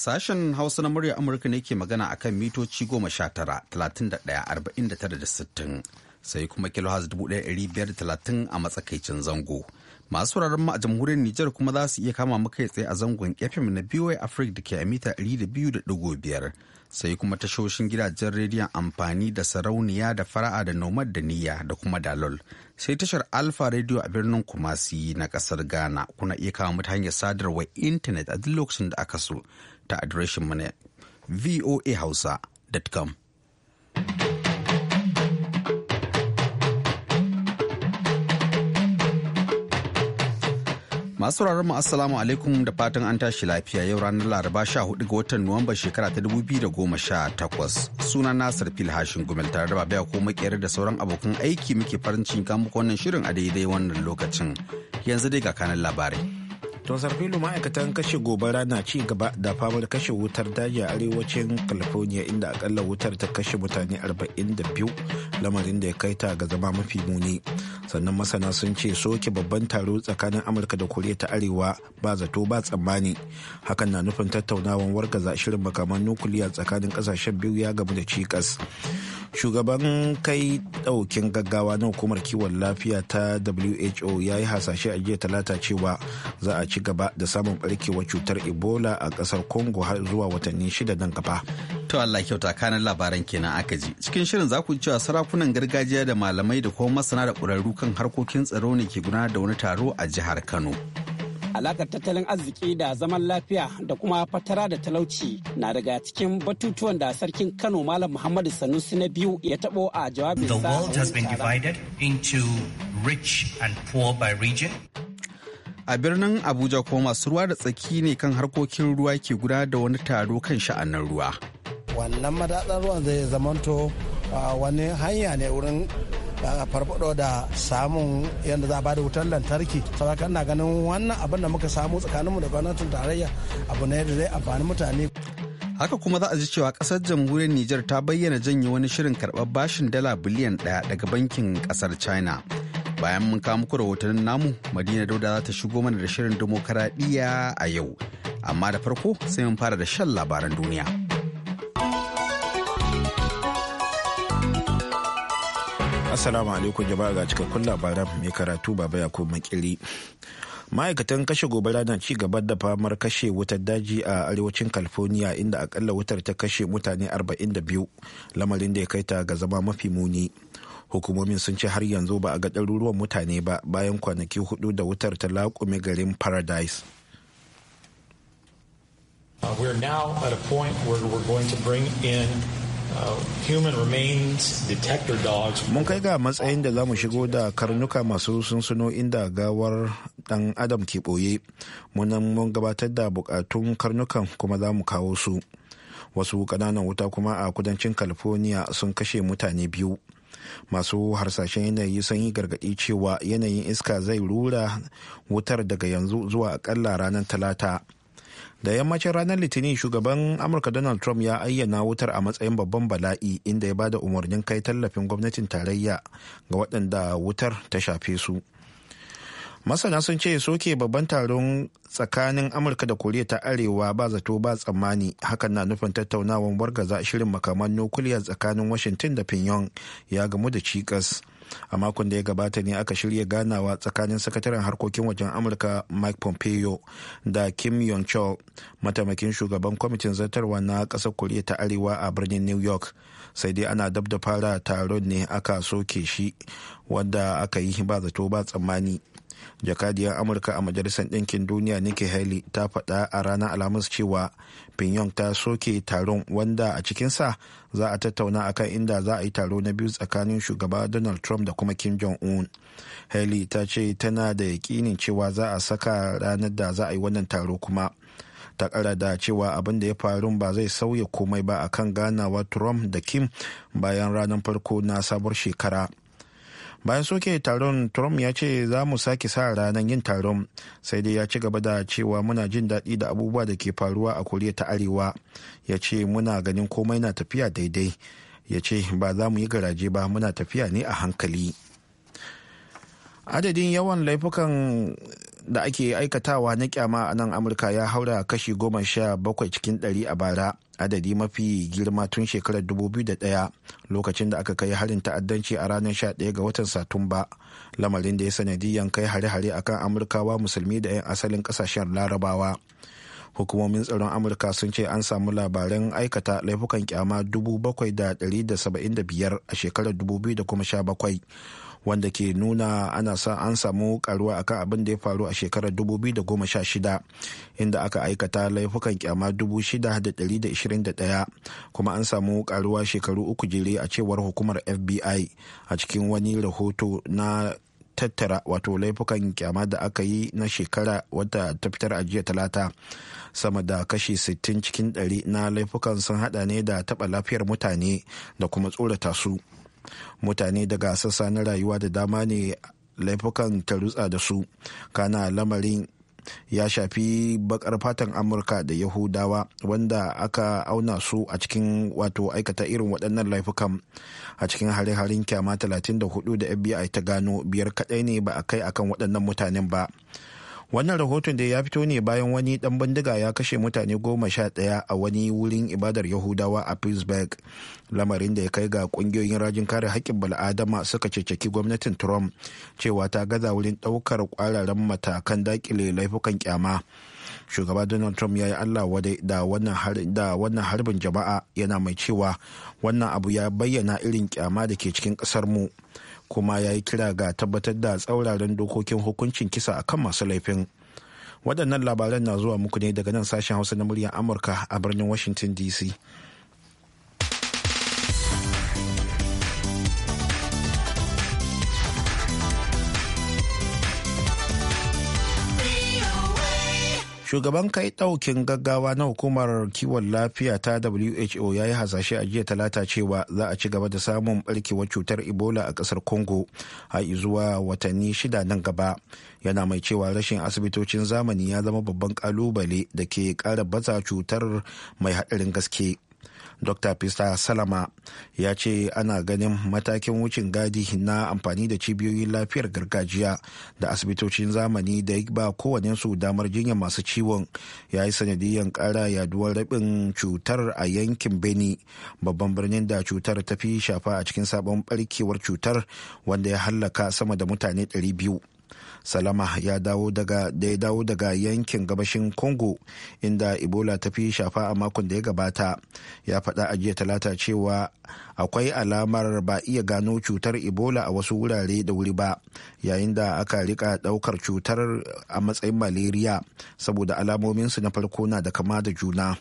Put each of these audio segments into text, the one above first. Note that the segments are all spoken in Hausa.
Sashen Hausa na murya Amurka ne ke magana a kan mitoci goma sha tara, talatin da ɗaya, sai kuma kilohaz dubu ɗaya a matsakaicin zango. Masu wuraren mu a jamhuriyar Nijar kuma za su iya kama mu kai tsaye a zangon FM na BOA Africa da ke a mita ɗari da biyu Sai kuma tashoshin gidajen rediyon amfani da sarauniya da fara'a da nomad da niyya da kuma dalol. sai tashar alfa radio a birnin kumasi na kasar ghana kuna iya kawo mata hanyar sadarwar intanet a duk lokacin da aka so ta adireshinmu na voahausa.com. Masu mu Assalamu alaikum da fatan an tashi lafiya yau ranar Laraba 14 ga watan Nuwamba shekara ta 2018. Suna Nasir Fil Hashin Gumel tare da Babaya ko makiyar da sauran abokan aiki muke farin cikin muku wannan shirin a daidai wannan lokacin. Yanzu dai ga kanan labarai. To sarfilu ma'aikatan kashe gobara na ci gaba da famar kashe wutar daji a arewacin California inda akalla wutar ta kashe mutane 42 lamarin da ya kai ta ga zama mafi muni. Sannan masana sun ce soke babban taro tsakanin Amurka da Koriya ta Arewa ba zato ba tsammani. Hakan na nufin tattaunawan wargaza shirin makaman nukuliya tsakanin kasashen biyu ya gamu da cikas. shugaban kai daukin gaggawa na hukumar kiwon lafiya ta who ya yi hasashe a jiya talata cewa za a ci gaba da samun barkewar cutar ebola a kasar congo har zuwa watanni shida nan gaba to allah kyauta kanan labaran kenan aka ji cikin shirin za ku cewa sarakunan gargajiya da malamai da kuma masana da kurarru kan harkokin tsaro ne ke gudanar da wani taro a jihar kano alakar tattalin arziki da zaman lafiya da kuma fatara da talauci na daga cikin batutuwan da sarkin kano malam muhammadu sanusi na biyu ya tabo a jawabinsa the world has been divided into rich and poor by region a birnin abuja ko masu ruwa da tsaki ne kan harkokin ruwa ke guda da wani taro kan sha'anin ruwa wannan madatsar ruwan zai zamanto ah, wani hanya ne wurin farfado da samun yadda za a bada wutar lantarki saboda na ganin wannan abin da muka samu tsakaninmu da gwamnatin tarayya abu ne da zai amfani mutane haka kuma za a ji cewa kasar jamhuriyar Nijar ta bayyana janye wani shirin karɓar bashin dala biliyan ɗaya daga bankin kasar China. Bayan mun kawo muku rahotannin namu, Madina Dauda za ta shigo mana da shirin dimokuraɗiyya a yau. Amma da farko sai mun fara da shan labaran duniya. Assalamu alaikum jama'a ga cikakkun labaran mai karatu baba ya ko makili. Ma'aikatan kashe gobara na ci gaba da famar kashe wutar daji a arewacin California inda akalla wutar ta kashe mutane 42 lamarin da ya kai ta ga zama mafi muni. Hukumomin sun ce har yanzu ba a ga ɗaruruwan mutane ba bayan kwanaki hudu da wutar ta laƙume garin Paradise. Uh, we're now at a point where we're going to bring in Uh, mun kai ga matsayin da za mu shigo da karnuka masu sunsuno inda gawar dan adam ke ɓoye. Munan mun gabatar da bukatun karnukan kuma za mu kawo su. Wasu kananan wuta kuma a kudancin California sun kashe mutane biyu. Masu harsashen yanayi sun yi gargaɗi cewa yanayin iska zai rura wutar daga yanzu zuwa akalla ranar talata. da yammacin ranar litinin shugaban amurka donald trump ya ayyana wutar a matsayin babban bala'i inda ya bada umarnin kai tallafin gwamnatin tarayya ga waɗanda wutar ta shafe su masana sun ce soke babban taron tsakanin amurka da koriya ta arewa ba zato ba tsammani hakan na nufin tattaunawan wargaza shirin makaman nukiliyar tsakanin washington da pinyon ya gamu da cikas a makon da ya gabata ne aka shirya ganawa tsakanin sakataren harkokin wajen amurka mike pompeo da kim yong chol mataimakin shugaban kwamitin zartarwa na ƙasar koriya ta arewa a birnin new york sai dai ana dab da fara taron ne aka soke shi wanda aka yi ba zato ba tsammani jakadiyar amurka a majalisar ɗinkin duniya nikki haley ta faɗa a ranar alhamis cewa pyongyang ta soke taron wanda a cikinsa za a tattauna akan inda za a yi taro na biyu tsakanin shugaba donald trump da kuma kim jong-un haley ta ce tana da yakinin cewa za a saka ranar da za a yi wannan taro kuma ta kara da cewa abin da ya faru ba zai sauya komai ba akan ganawa trump da kim bayan ranar farko na sabuwar shekara bayan soke taron trump ya ce za mu sake sa ranar yin taron sai dai ya ci gaba da cewa muna jin daɗi da abubuwa da ke faruwa a koriya ta arewa ya ce muna ganin komai na tafiya daidai ya ce ba za mu yi garaje ba muna tafiya ne a hankali adadin yawan laifukan da ake aikatawa na kyama a nan amurka ya haura kashi goma sha bakwai cikin ɗari a bara adadi mafi girma tun shekarar 2001 lokacin da aka kai harin ta'addanci a ranar 11 ga watan satumba lamarin da ya sanadiyan kai hare-hare a akan amurkawa musulmi da 'yan asalin kasashen larabawa hukumomin tsaron amurka sun ce an samu labaran aikata laifukan kyama 7,775 a shekarar 2017 wanda ke nuna ana sa an samu karuwa akan abin da ya faru a shekarar 2016 inda aka aikata laifukan kyama 6,121 kuma an samu karuwa shekaru uku jere a cewar hukumar fbi a cikin wani rahoto na tattara wato laifukan kyama da aka yi na shekara wata ta fitar a jiya talata sama da kashi 60 cikin 100 na laifukan sun hada ne da taɓa lafiyar mutane da kuma tsorata su. mutane daga sassa na rayuwa da dama ne laifukan ta rutsa da su kana lamarin ya shafi bakar fatan amurka da yahudawa wanda aka auna su a cikin wato aikata irin waɗannan laifukan a cikin hare-haren kyama 34 da fbi ta gano biyar kaɗai ne ba a kai akan waɗannan mutanen ba wannan rahoton da ya fito ne bayan wani dan bindiga ya kashe mutane goma sha ɗaya a wani wurin ibadar yahudawa a pittsburgh lamarin da ya kai ga kungiyoyin rajin kare haƙƙin bal'adama suka ceceki gwamnatin trump cewa ta gaza wurin ɗaukar ƙwararren matakan dakile laifukan kyama shugaba donald trump ya yi allah wadai da wannan harbin jama'a yana mai cewa wannan abu ya bayyana irin kyama da ke cikin ƙasar mu kuma ya yi kira ga tabbatar da tsauraran dokokin hukuncin kisa a kan masu laifin waɗannan labaran na zuwa muku ne daga nan sashen hausa na muryar amurka a birnin washington dc shugaban kai daukin gaggawa na hukumar kiwon lafiya ta who ya yi hasashe a jiya talata cewa za a ci gaba da samun barkewar cutar ebola a kasar congo har zuwa watanni shida nan gaba yana mai cewa rashin asibitocin zamani ya zama babban kalubale da ke kara baza cutar mai haɗarin gaske dr pista salama ya ce ana ganin matakin wucin gadi na amfani da cibiyoyin lafiyar gargajiya da asibitocin zamani da ba su damar jinya masu ciwon ya yi sanadiyyar kara yaduwar rabin cutar a yankin beni babban birnin da cutar ta fi shafa a cikin sabon barkewar cutar wanda ya hallaka sama da mutane 200 salama ya dawo daga da ya dawo daga yankin gabashin congo inda ebola ta fi shafa a makon da ya gabata ya faɗa a jiya talata cewa akwai alamar ba iya gano cutar ebola a wasu wurare da wuri ba yayin da aka rika ɗaukar cutar a matsayin malaria saboda alamominsu na farko na da kama da juna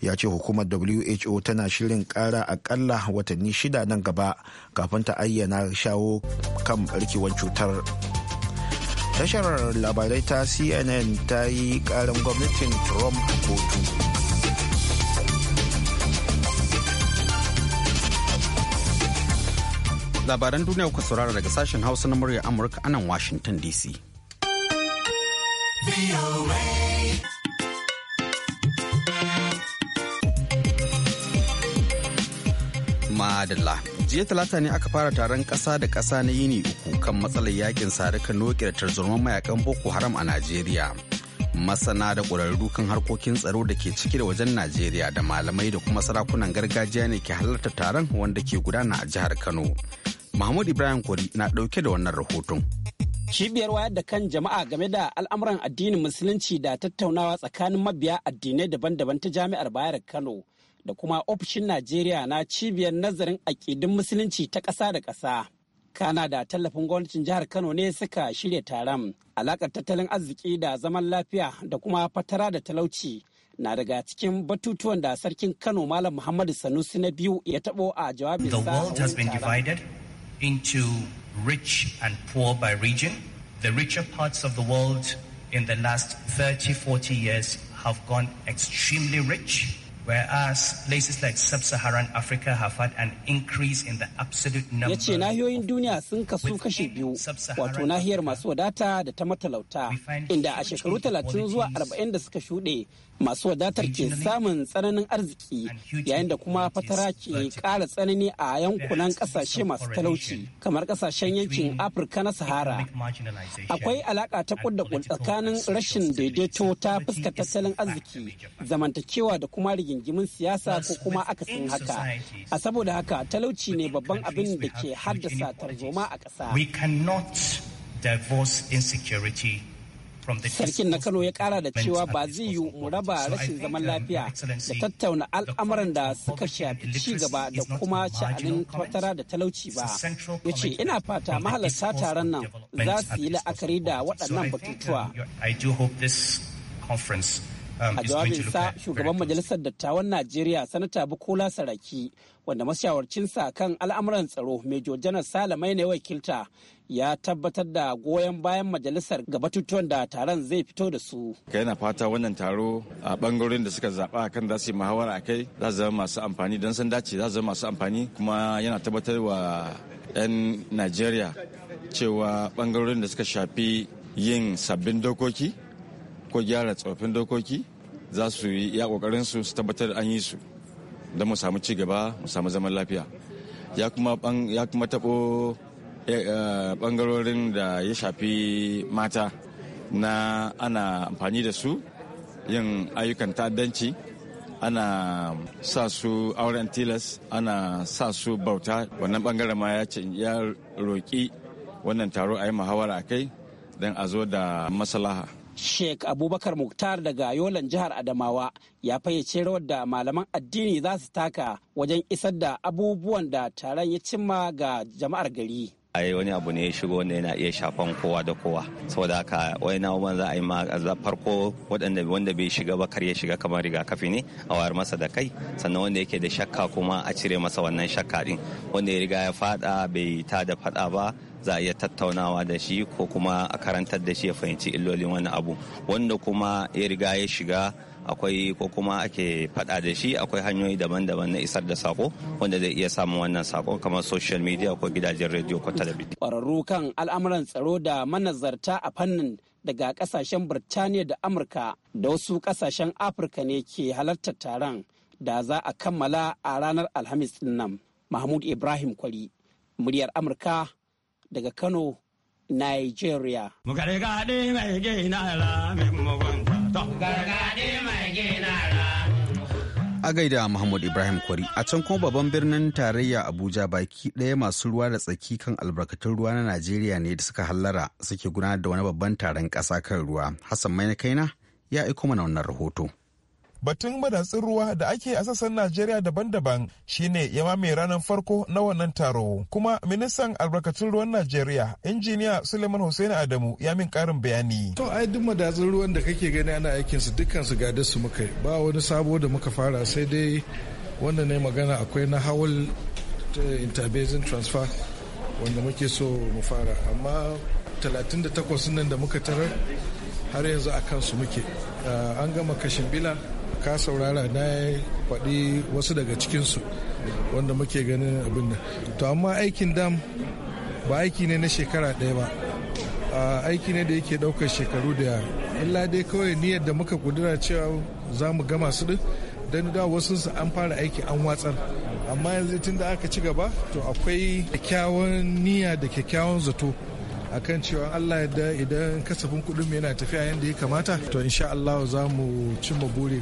ya ce hukumar who tana shirin kara akalla watanni shida nan gaba kafin ta ayyana shawo kan barkewar cutar. tashar labarai ta cnn ta yi karin gwamnatin trump a kotu labaran duniya kuka saurara daga sashen hausa na murya amurka anan washington dc madalla jiya talata ne aka fara taron kasa da kasa na yini uku kan matsalar yakin sadaka noƙi da tarzoman mayakan boko haram a najeriya masana da ƙwararru kan harkokin tsaro da ke ciki da wajen najeriya da malamai da kuma sarakunan gargajiya ne ke halarta taron wanda ke gudana a jihar kano mahmud ibrahim kori na ɗauke da wannan rahoton Cibiyar wayar da kan jama'a game da al'amuran addinin musulunci da tattaunawa tsakanin mabiya addinai daban-daban ta jami'ar Bayar Kano da kuma ofishin Najeriya na cibiyar nazarin aƙidun musulunci ta ƙasa da ƙasa. Kana da tallafin gwamnatin jihar Kano ne suka shirya taron. Alakar tattalin arziki da zaman lafiya da kuma fatara da talauci na daga cikin batutuwan da sarkin Kano Malam Muhammadu Sanusi na biyu ya tabo a jawabinsa. The world has been divided into rich and poor by region. The richer parts of the world in the last 30, 40 years have gone extremely rich. whereas places like sub-Saharan Africa have had an increase in the absolute number. Ya ce nahiyoyin duniya sun kasu kashe biyu, wato nahiyar masu wadata da ta matalauta, inda a shekaru talatin zuwa arba'in da suka shuɗe masu wadatar ke samun tsananin arziki yayin da kuma fatara ke ƙara tsanani a yankunan ƙasashe masu talauci kamar ƙasashen yankin afirka na sahara akwai alaƙa ta kudda tsakanin rashin daidaito ta fuskar tattalin arziki zamantakewa da kuma rigi rigingimin siyasa ko kuma akasin haka a saboda haka talauci ne babban abin da ke haddasa tarzoma a ƙasa Sarkin na Kano ya kara da cewa ba zai yi mu raba rashin zaman lafiya da tattauna al'amuran da suka shafi ci gaba da kuma sha'anin fatara da talauci ba. Ya ce, ina fata mahalarta taron nan za su yi la'akari da waɗannan batutuwa. Um, a jawabinsa shugaban majalisar dattawan najeriya sanata bukola saraki wanda mashawarcinsa kan al'amuran tsaro mai janar salamai ne wakilta ya tabbatar da goyon bayan majalisar ga batutuwan da taron zai fito da su ka yana fata wannan taro a bangarorin da suka zaɓa kan za yi a kai za zama masu amfani don san dace za zama masu amfani kuma yana tabbatar wa 'yan najeriya cewa bangarorin da suka shafi yin sabbin dokoki ko gyara tsofaffin dokoki za su yi ya kokarin su su tabbatar an yi su don mu samu cigaba mu samu zaman lafiya ya kuma ya kuma tabo bangarorin eh, eh, da ya shafi mata na ana amfani da su yin ayyukan ta'addanci ana sa su auren tilas ana sa su bauta wannan bangaren ma ya roƙi wannan taro a yi muhawara a kai don a zo da maslaha Sheikh Abubakar Muktar daga Yolan jihar Adamawa ya fayyace rawar da malaman addini za su taka wajen isar da abubuwan da taron ya cimma ga jama'ar gari. ai wani abu ne ya shigo wanda yana iya shafan kowa da kowa saboda haka wani na'uban za a yi ma farko wanda bai shiga ba kar ya shiga kamar rigakafi ne a wayar masa da kai sannan wanda yake da shakka kuma a cire masa wannan shakka din wanda ya riga ya fada bai ta da faɗa ba za a iya tattaunawa da shi ko kuma a karantar da shi ya fahimci illolin wani abu wanda kuma ya riga ya shiga akwai ko kuma ake fada da shi akwai hanyoyi daban-daban na isar da sako wanda zai iya samun wannan sako kamar social media ko gidajen rediyo ko talabijin. Ƙwararru kan al'amuran tsaro da manazarta a fannin daga kasashen Birtaniya da Amurka da wasu kasashen Afirka ne ke halartar taron da za a kammala a ranar Alhamis nan. Mahmud Ibrahim Kwari, muryar Amurka daga Kano, Nigeria. A gaida Muhammad Ibrahim Kwari a can kuma babban birnin tarayya Abuja baki ɗaya masu ruwa da tsaki kan albarkatun ruwa na Najeriya ne da suka hallara suke gudanar da wani babban taron ƙasa kan ruwa. Hassan Mai na kaina ya aiko mana wannan rahoto. batun madatsin ruwa da ake a sassan najeriya daban-daban shine ya mamaye ranar farko na wannan taro kuma ministan albarkatun ruwan najeriya injiniya suleiman hussein adamu ya min karin bayani to ai duk madatsin ruwan da kake gani ana aikin su dukkan su gadar su muka ba wani sabo da muka fara sai dai wanda ne magana akwai na hawal eh, interbasin transfer wanda muke so mu fara amma 38 nan da muka tarar har yanzu a kansu muke ah, an gama kashin bila ka saurara na faɗi wasu daga cikinsu wanda muke ganin abin da to amma aikin dam ba aiki ne na shekara ɗaya ba aiki ne da yake ɗaukar shekaru da illa dai kawai niyyar da muka kudura cewa za mu gama su din don da wasu an fara aiki an watsar amma yanzu tun da aka ci gaba to akwai kyakkyawan niyya da kyakkyawan zato akan cewa Allah yadda idan kasafin kuɗin yana tafiya yadda ya kamata to in sha Allah za mu cimma buri.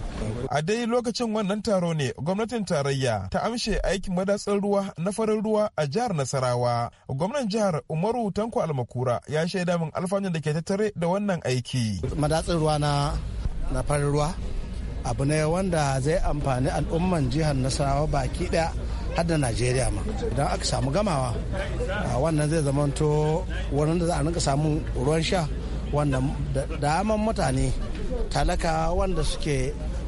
A dai lokacin wannan taro ne gwamnatin tarayya ta amshe aikin madatsar ruwa na farin ruwa a jihar Nasarawa. Gwamnan jihar Umaru Tanko Almakura ya shaida min alfanun da ke tattare da wannan aiki. Madatsar ruwa na na farin ruwa abu ne wanda zai amfani al'umman jihar Nasarawa baki ɗaya har da najeriya ma idan aka samu gamawa wannan zai zamanto wurin da za a rinka samu ruwan sha da daman mutane talaka wanda suke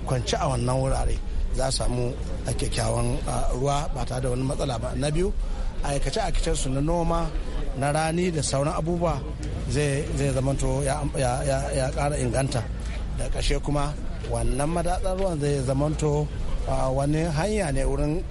kwanci a wannan wurare za samu a kyakkyawan ruwa ba tare da wani matsala ba na biyu aikace aikacen su na noma na rani da sauran abubuwa zai zamanto ya kara inganta da ƙashe kuma wannan madatsar ruwan zai zamanto wani hanya ne wurin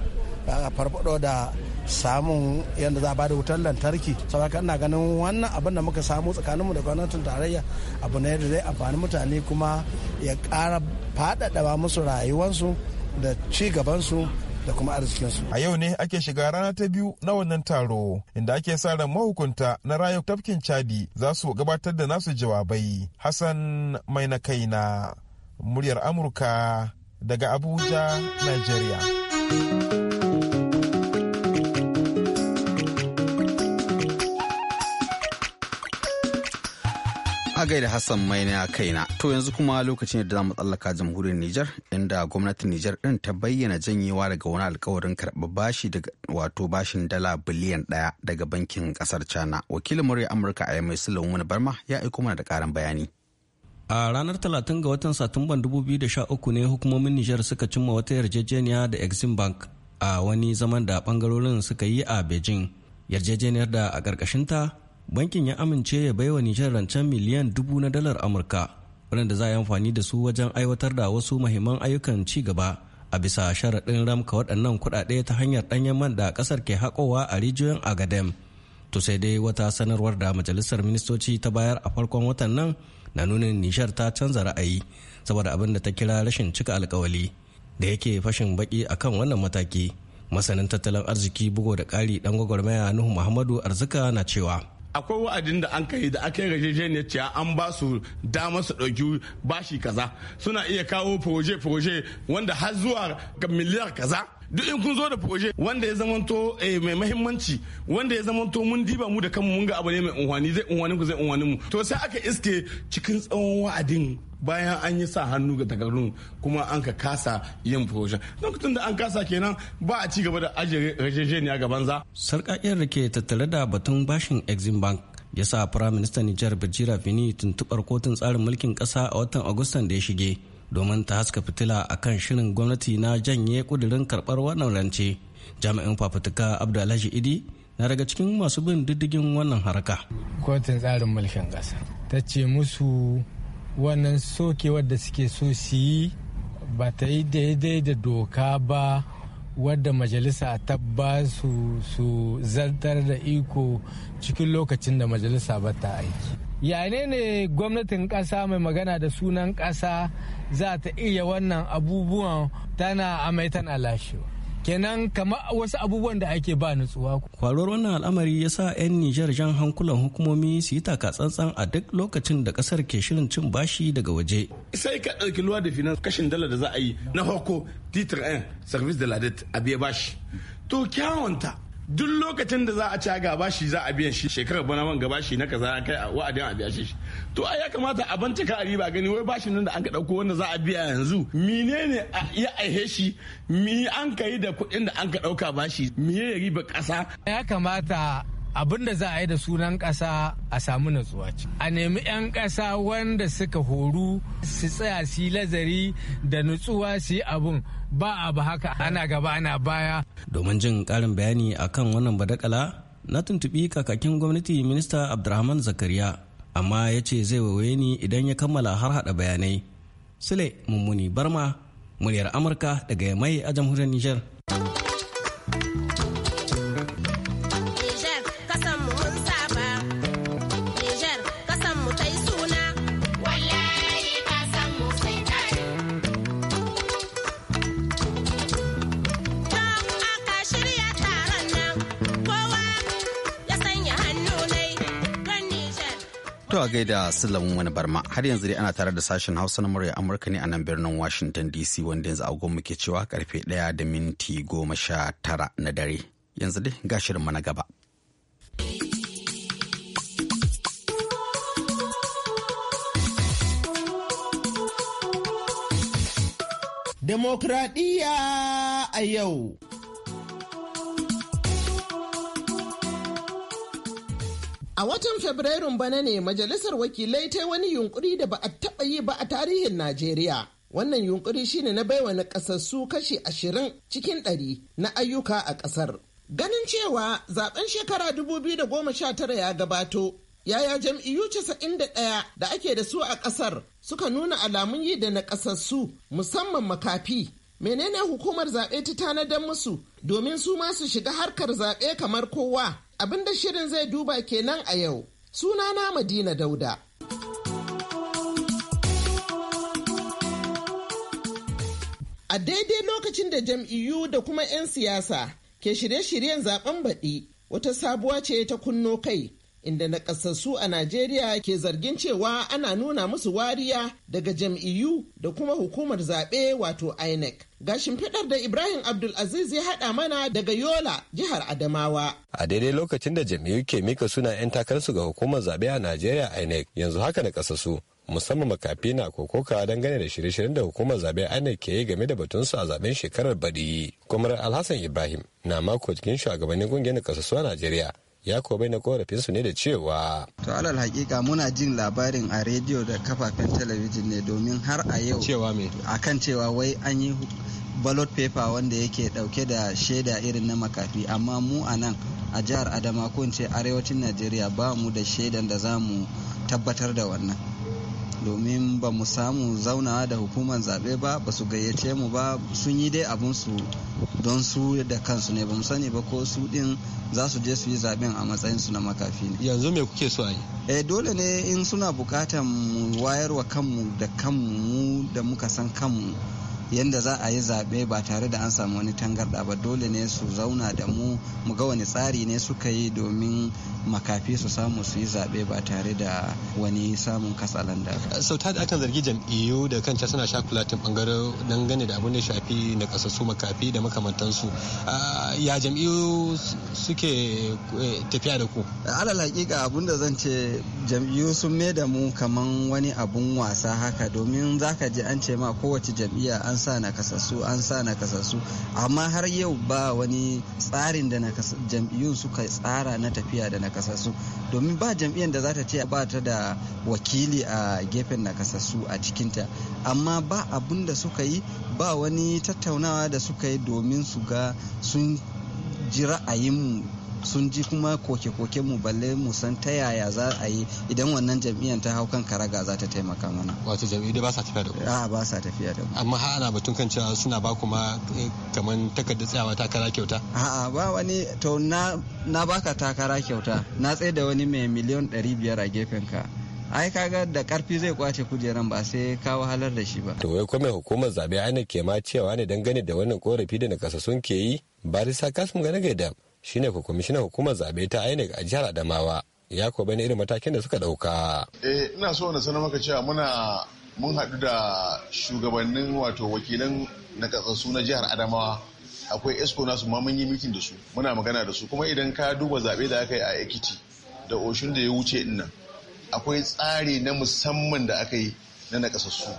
farfado da samun yadda za a bada wutar lantarki saboda na ganin wannan abin da muka samu tsakaninmu da gwamnatin tarayya abu ne da zai amfani mutane kuma ya ƙara faɗaɗa musu rayuwarsu da ci gabansu da kuma arzikinsu. A yau ne ake shiga rana ta biyu na wannan taro inda ake sa ran mahukunta na rayu tafkin Chadi za su gabatar da nasu jawabai. Hassan mai na kai na muryar Amurka daga Abuja, Nigeria. gaida Hassan mai na kaina. To yanzu kuma lokacin da zamu tsallaka jamhuriyar Nijar inda gwamnatin Nijar din ta bayyana janyewa daga wani alkawarin karɓar bashi daga wato bashin dala biliyan ɗaya daga bankin ƙasar China. Wakilin murya Amurka a Yamai Sulaiman Barma ya aiko mana da ƙarin bayani. a ranar 30 ga watan satumban 2013 ne hukumomin nijar suka cimma wata yarjejeniya da exim bank a wani zaman da bangarorin suka yi a beijing yarjejeniyar da a ƙarƙashinta bankin ya amince ya baiwa nijar rancen miliyan dubu na dalar amurka waɗanda za a yi amfani da su wajen aiwatar da wasu mahimman ayyukan ci gaba a bisa sharaɗin ramka waɗannan kuɗaɗe ta hanyar ɗanyen man da ƙasar ke haƙowa a rijiyoyin agadem to sai dai wata sanarwar da majalisar ministoci ta bayar a farkon watan nan na nunin Nijar ta canza ra'ayi saboda abin da ta kira rashin cika alkawali da yake fashin baki akan wannan mataki masanin tattalin arziki bugu, da ƙari ɗan gwagwarmaya nuhu muhammadu arzika na cewa akwai wa'adin da an kai da aka yi rajejeniyar cewa an ba su dama su ɗauki bashi kaza suna iya kawo proje-proje wanda har zuwa ga miliyar kaza duk in kun zo da proje wanda ya zamanto eh, mai mahimmanci wanda ya zamanto mun diba mu da kanmu mun ga abu ne mai unhwani zai unhwanin ku zai unhwanin mu to sai aka iske cikin tsawon wa'adin bayan an yi sa hannu ga takardun kuma an ka kasa yin furoshin lokacin da an kasa kenan ba a ci gaba da ajiye a gaban za. Sarkakiyar da ke tattare da batun bashin exim bank ya sa prime minister nijar bajira fini tuntuɓar kotun tsarin mulkin kasa a watan agustan da ya shige domin ta haska fitila a kan shirin gwamnati na janye kudirin karbar wannan rance jami'in fafutuka abdullahi idi na daga cikin masu bin diddigin wannan haraka kotun tsarin mulkin ƙasa ta ce musu wannan soke da suke so su yi ba ta yi daidai da doka ba wadda majalisa ta ba su su zartar da iko cikin lokacin da majalisa ba ta aiki yane ne gwamnatin ƙasa mai magana da sunan ƙasa za ta iya wannan abubuwan tana amai tana lashewa kenan kamar wasu abubuwan da ake ba nutsuwa kwaruwar wannan al'amari ya sa 'yan nijar jan hankulan hukumomi su yi taka tsantsan a duk lokacin da kasar ke shirin cin bashi daga waje sai ka ɗauki luwa da finan kashin dala da za a yi na hoko titre 1 service de la dette a biya bashi to kyawunta duk lokacin da za a ci ba shi za a biya shi shekarar bana wanga gaba shi na kaza kai wa'adin a biya shi to ai ya kamata a bincika a riba gani wai bashin nan da an ka dauko wanda za a biya yanzu menene ya aihe shi mi an kai da kuɗin da an ka dauka bashi miye ya riba kasa ya kamata abin da za a yi da sunan ƙasa a samu natsuwa ce a nemi 'yan ƙasa wanda suka horu su tsaya su yi lazari da nutsuwa su yi abun ba abu haka ana gaba ana baya domin jin ƙarin bayani akan wannan badakala na tuntubi kakakin gwamnati minista abdulrahman zakariya amma ya ce zai waye ni idan ya kammala har hada bayanai sule mummuni barma muryar amurka daga mai a jamhuriyar nijar gaida Sulaiman wani barma har yanzu dai ana tare da sashen Hausa na murya Amurka ne a nan birnin Washington DC wanda yanzu agon muke cewa karfe ɗaya da minti goma sha tara na dare. Yanzu dai ga mu na gaba. Demokradiyya a yau. A watan Fabrairun bana ne majalisar wakilai ta wani yunkuri da ba a taɓa yi ba a tarihin Najeriya. Wannan yunkuri shine na baiwa na kasassu kashi ashirin cikin ɗari na ayyuka a ƙasar. Ganin cewa zaben shekara 2019 ya gabato, yaya jam'iyyu 91 da ake da su a ƙasar suka nuna alamun yi da na musamman makafi. Menene hukumar zaɓe ta tanadar musu domin su ma su shiga harkar zaɓe kamar kowa. Abin da shirin zai duba kenan a yau. Sunana Madina Dauda. A daidai lokacin da jam'iyyu da kuma 'yan siyasa ke shirye-shiryen zaben baɗi wata sabuwa ce ta kunno kai inda nakasassu a Najeriya ke zargin cewa ana nuna musu wariya daga jam'iyyu da kuma hukumar zaɓe wato INEC. Ga shimfiɗar da Ibrahim Abdulaziz ya haɗa mana daga Yola, jihar Adamawa. A daidai lokacin da jam'iyyu ke mika suna 'yan takararsu ga hukumar zaɓe a Najeriya INEC yanzu haka na kasassu. musamman makafi na kokoka dangane da shirye-shiryen da hukumar zaɓe ana ke yi game da batunsu a zaɓen shekarar baɗi. kwamar alhassan ibrahim na mako cikin shugabannin kungiyar a najeriya ya ko na korafinsu ne da cewa. To alal hakika muna jin labarin a rediyo da kafafen talabijin ne domin har a yau. Cewa me? Akan cewa wai an yi ballot paper wanda yake dauke da shaida irin na makafi amma mu a nan a jihar adama ko ce arewacin najeriya ba mu da shaidan da za mu tabbatar da wannan domin ba mu samu zaunawa da hukumar zaɓe ba ba su gayyace mu ba sun yi dai abinsu don su da kansu ne ba mu sani ba ko su ɗin za su je su yi zaɓen a matsayinsu na makafi ne yanzu me kuke so a yi eh dole ne in suna bukatan mu wayarwa kanmu da kanmu da muka san kanmu yadda za a yi zaɓe ba tare da an samu wani tangarɗa ba dole ne su zauna da mu mu ga wani tsari ne suka yi domin makafi su samu su yi zaɓe ba tare da wani samun da. sau ta da zargi jam'iyyu da kanta suna sha kulatin bangare dangane da abin da shafi na kasassu makafi da makamantansu ya jam'iyyu suke eh, tafiya da ku. alal hakika abin da zan ce jam'iyyu sun mai da mu kaman wani abun wasa haka domin zaka ji an ce ma kowace jam'iyya an sa nakasassu an sa nakasassu amma har yau ba wani tsarin da jam'iyyun suka tsara na tafiya da nakasassu domin ba jam'iyyar da za ta ce ba ta da wakili a gefen nakasassu a cikinta amma ba abun da suka yi ba wani tattaunawa da suka yi domin su ga sun ji ra'ayinmu sun ji kuma koke-koke mu balle mu san ta yaya za a yi idan wannan jam'iyyar ta hau kan karaga za ta taimaka mana wato jam'iyyar ba sa tafiya da ku a ba sa tafiya da mu amma ana batun kan cewa suna ba kuma eh, kaman takardar tsayawa takara kyauta a'a ba wani to na na baka takara kyauta na tsaye da wani mai miliyan biyar a gefen ka ai kaga da karfi zai kwace kujeran ba sai ka wahalar da shi ba to wai kuma hukumar zabe INEC ke ma cewa ne dangane da wannan korafi da sun ke yi barisa kasum gane gaida shine ko kwamishinan hukumar zabe ta INEC a jihar Adamawa ya ko bane irin matakin da suka dauka eh ina so na sanar maka cewa muna mun haɗu da shugabannin wato wakilan na na jihar Adamawa akwai esco nasu ma mun yi mitin da su muna magana da su kuma idan ka duba zabe da aka yi a Ekiti da Oshun da ya wuce dinnan akwai tsari na musamman da aka yi na nakasassu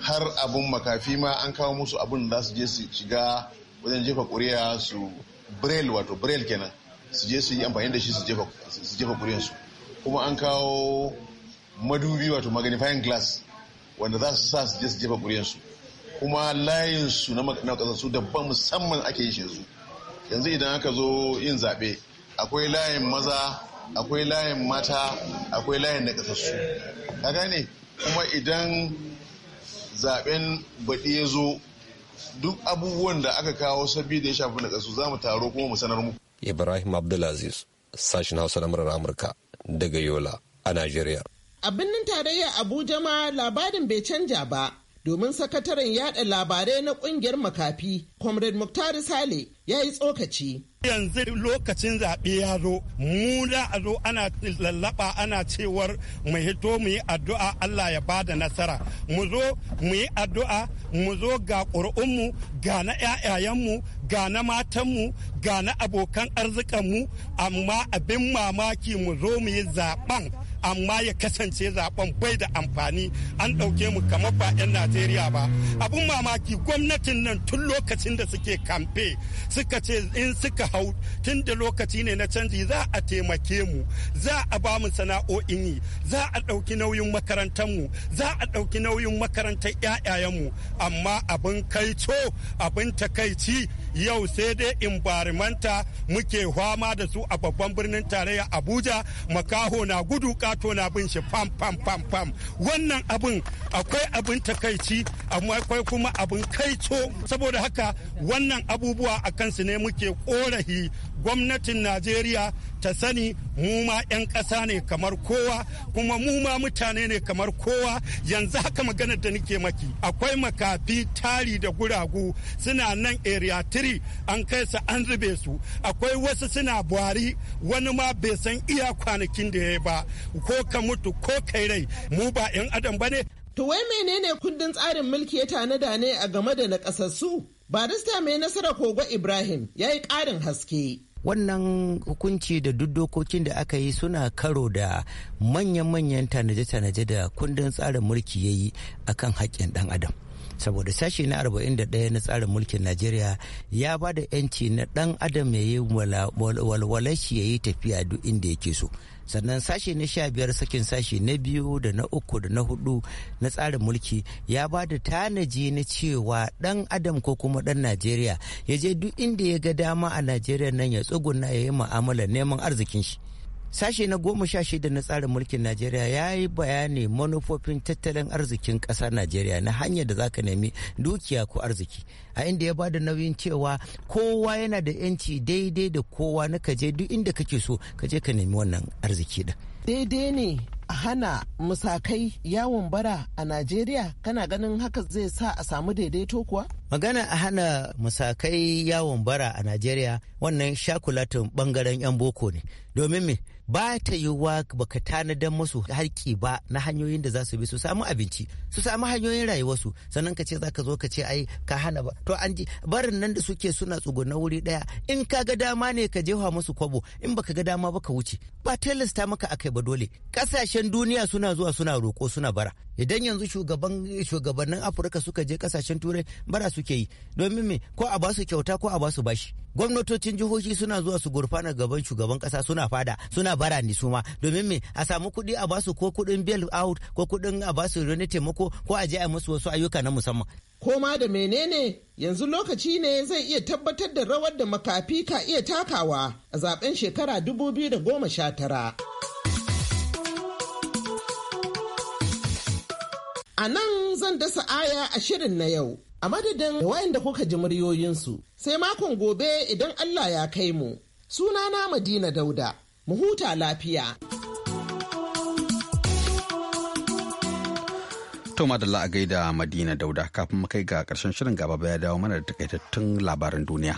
har abun makafi ma an kawo musu abun da za su je su shiga wajen jefa ƙuri'a su braille wato braille kenan su je su yi amfani da shi su jefa su kuma an kawo madubi wato magnifying glass wanda za su sa su je su jefa su kuma layinsu na su daban musamman ake yin yanzu yanzu idan aka zo yin zaɓe akwai layin maza akwai layin mata akwai layin na su ka gane kuma idan zaɓen baɗi ya zo duk abubuwan da aka kawo sabi da ya shafi na kasu za mu taro kuma mu sanar muku. Ibrahim Abdulaziz, sashen Hausa na murar Amurka daga Yola a Najeriya. A birnin tarayya Abuja ma labarin bai canja ba. Domin sakataren yada labarai na kungiyar makafi, Comrade Muktari Sale ya yi tsokaci. yanzu lokacin zaɓe ya zo mu da a zo ana lallaba ana cewar mu hito mu yi addu'a Allah ya ba da nasara mu zo mu yi addu'a mu zo ga ƙuri'unmu ga na 'ya'yayenmu ga na matanmu ga na abokan arzikanmu amma abin mamaki mu zo mu yi zaɓen amma ya kasance zaben bai da amfani an ɗauke mu kamar ba 'yan najeriya ba abun mamaki gwamnatin nan tun lokacin da suke kamfe suka ce in suka hau tun da lokaci ne na canji za a taimake mu za a ba mu sana'o'in yi za a ɗauki nauyin makarantar mu za a ɗauki nauyin makarantar mu amma abin kaico abin takaici yau sai dai environmental muke fama da su a babban birnin tarayya abuja makaho na gudu kato na bin shi fam fam fam fam wannan abin akwai abin takaici amma akwai kuma abin kaico saboda haka wannan abubuwa a kansu ne muke korafi gwamnatin najeriya ta sani mu ma 'yan ƙasa ne kamar kowa kuma mu ma mutane ne kamar kowa yanzu haka maganar da nike maki akwai makafi tari da guragu suna nan area iri an kai su an zube su akwai wasu suna buhari wani ma bai san iya kwanakin da ya ba ko ka mutu ko kai rai mu ba 'yan adam ba ne To wai menene kundin tsarin mulki ya tanada ne a game da nakasassu? Barista mai nasara Kogo Ibrahim ya yi ƙarin haske. Wannan hukunci da duk dokokin da aka yi suna karo da manyan-manyan tanaje-tanaje da kundin tsarin mulki ya yi a kan haƙƙin ɗan adam. saboda sashi na 41 na tsarin mulkin najeriya ya ba da 'yanci na dan adam ya yi walwalar shi ya yi tafiya duk inda yake so sannan sashe na sha biyar sakin sashe na biyu da na uku da na hudu na tsarin mulki ya ba da tanaji na cewa dan adam ko kuma dan najeriya ya je duk inda ya ga dama a najeriya nan ya tsuguna ya yi mu'amalar neman arzikin shi sashe na goma sha shida na tsarin mulkin najeriya ya yi bayani manufofin tattalin arzikin ƙasar najeriya na hanyar da zaka nemi dukiya ko arziki a inda ya bada nauyin cewa kowa yana da yanci daidai da kowa na kaje duk inda kake so kaje ka nemi wannan arziki da daidai ne a hana musakai yawon bara a najeriya kana ganin haka zai sa a samu daidaito kuwa magana a hana musakai yawon bara a najeriya wannan shakulatin bangaren 'yan boko ne domin me ba ta yiwuwa baka tanadan musu harki ba na hanyoyin da za su bi su samu abinci su samu hanyoyin rayuwarsu sannan ka ce za ka zo ka ce ai ka hana ba to an ji barin nan da suke suna tsugo na wuri daya in ka ga dama ne ka jefa musu kwabo in baka ga dama ba ka wuce ba tilasta maka akai ba dole kasashen duniya suna zuwa suna roko suna bara idan yanzu shugaban shugabannin afirka suka je kasashen turai bara suke yi domin me ko a basu kyauta ko a basu bashi gwamnatocin jihohi suna zuwa su gurfana gaban shugaban kasa suna fada suna bara ni suma domin me a samu kuɗi a basu ko kuɗin bail out ko kuɗin a basu wani taimako ko a je a musu wasu ayyuka na musamman koma da menene yanzu lokaci ne zai iya tabbatar da rawar da makafi ka iya takawa a zaben shekara dubu biyu da goma sha tara. A nan zan dasa aya a shirin na yau, a madadin wayanda kuka ji muryoyinsu, sai makon gobe idan Allah ya kai mu. Sunana Madina Dauda, mu huta lafiya. To madalla a gaida Madina Dauda kafin mu kai ga ƙarshen shirin gaba ya dawo mana da takaitattun labaran duniya.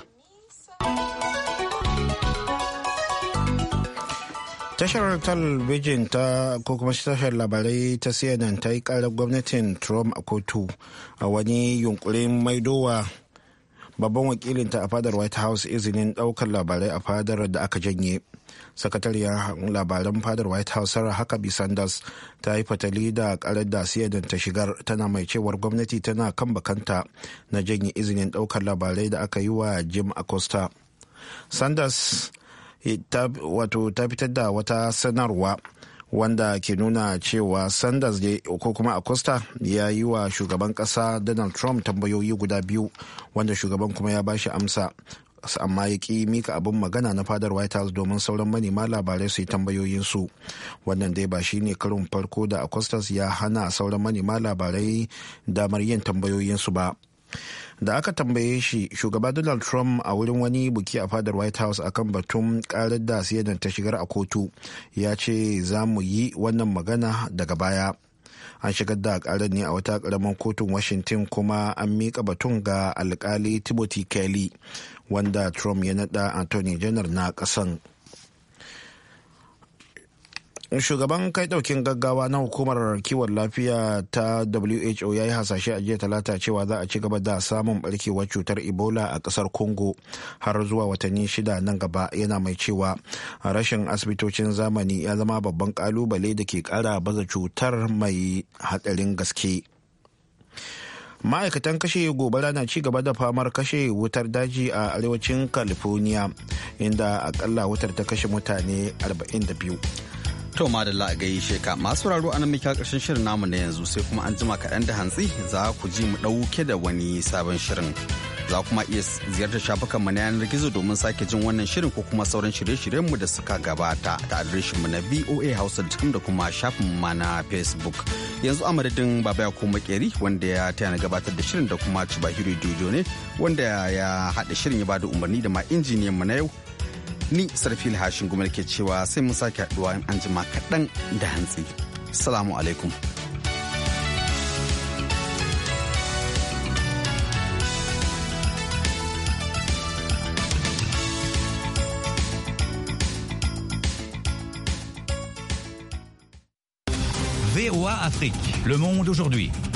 tashar talbijin ta ko kuma tashar labarai ta cnn ta yi karar gwamnatin trump a kotu a wani yunkurin maidowa babban wakilinta a fadar white house izinin daukar labarai a fadar da aka janye sakatariya labaran fadar white house sarah huckabee sanders ta yi fatali da karar da cnn ta shigar tana mai cewar gwamnati tana kan bakanta na janye izinin daukar labarai da aka yi wa jim acosta sanders Eh, wato ta fitar da wata sanarwa wanda ke nuna cewa sanders ne ko kuma acosta ya yi wa shugaban kasa donald trump tambayoyi guda biyu wanda shugaban kuma ya bashi amsa amma ya ki mika abin magana na fadar white house domin sauran manema labarai su yi tambayoyinsu wannan dai ba shine karin farko da acostas ya hana sauran manema labarai damar yin tambayoyinsu ba da aka tambaye shi shugaba donald trump a wurin wani buki a fadar white house akan batun karar da siyanar ta shigar a kotu ya ce za mu yi wannan magana daga baya an shigar da karar ne a wata karamin kotun washington kuma an mika batun ga alkali timothy kelly wanda trump ya nada anthony janar na kasan shugaban kai daukin gaggawa na hukumar kiwon lafiya ta who ya yi hasashe a jiya talata cewa za a ci gaba da samun barkewar cutar ebola a kasar congo har zuwa watanni shida nan gaba yana mai cewa rashin asibitocin zamani ya zama babban kalubale da ke kara baza cutar mai hatsarin gaske ma'aikatan kashe gobara na ci gaba da famar kashe wutar daji a arewacin california inda akalla wutar ta kashe mutane 42 To ma da la'agai sheka masu raro a nan muke karshen shirin namu na yanzu sai kuma an jima kaɗan da hantsi za ku ji mu ɗauke da wani sabon shirin. Za kuma iya ziyartar shafukan mu na yanar gizo domin sake jin wannan shirin ko kuma sauran shirye-shiryen mu da suka gabata ta adireshin mu na VOA Hausa da kuma shafin mu na Facebook. Yanzu a madadin Baba Yakubu Makeri wanda ya taya na gabatar da shirin da kuma Cibahiru Jojo ne wanda ya haɗa shirin ya ba da umarni da ma injiniyan mu na yau. ni sarfil hashin gumar ke cewa sai sake haɗuwa Afrique. Le monde aujourd'hui.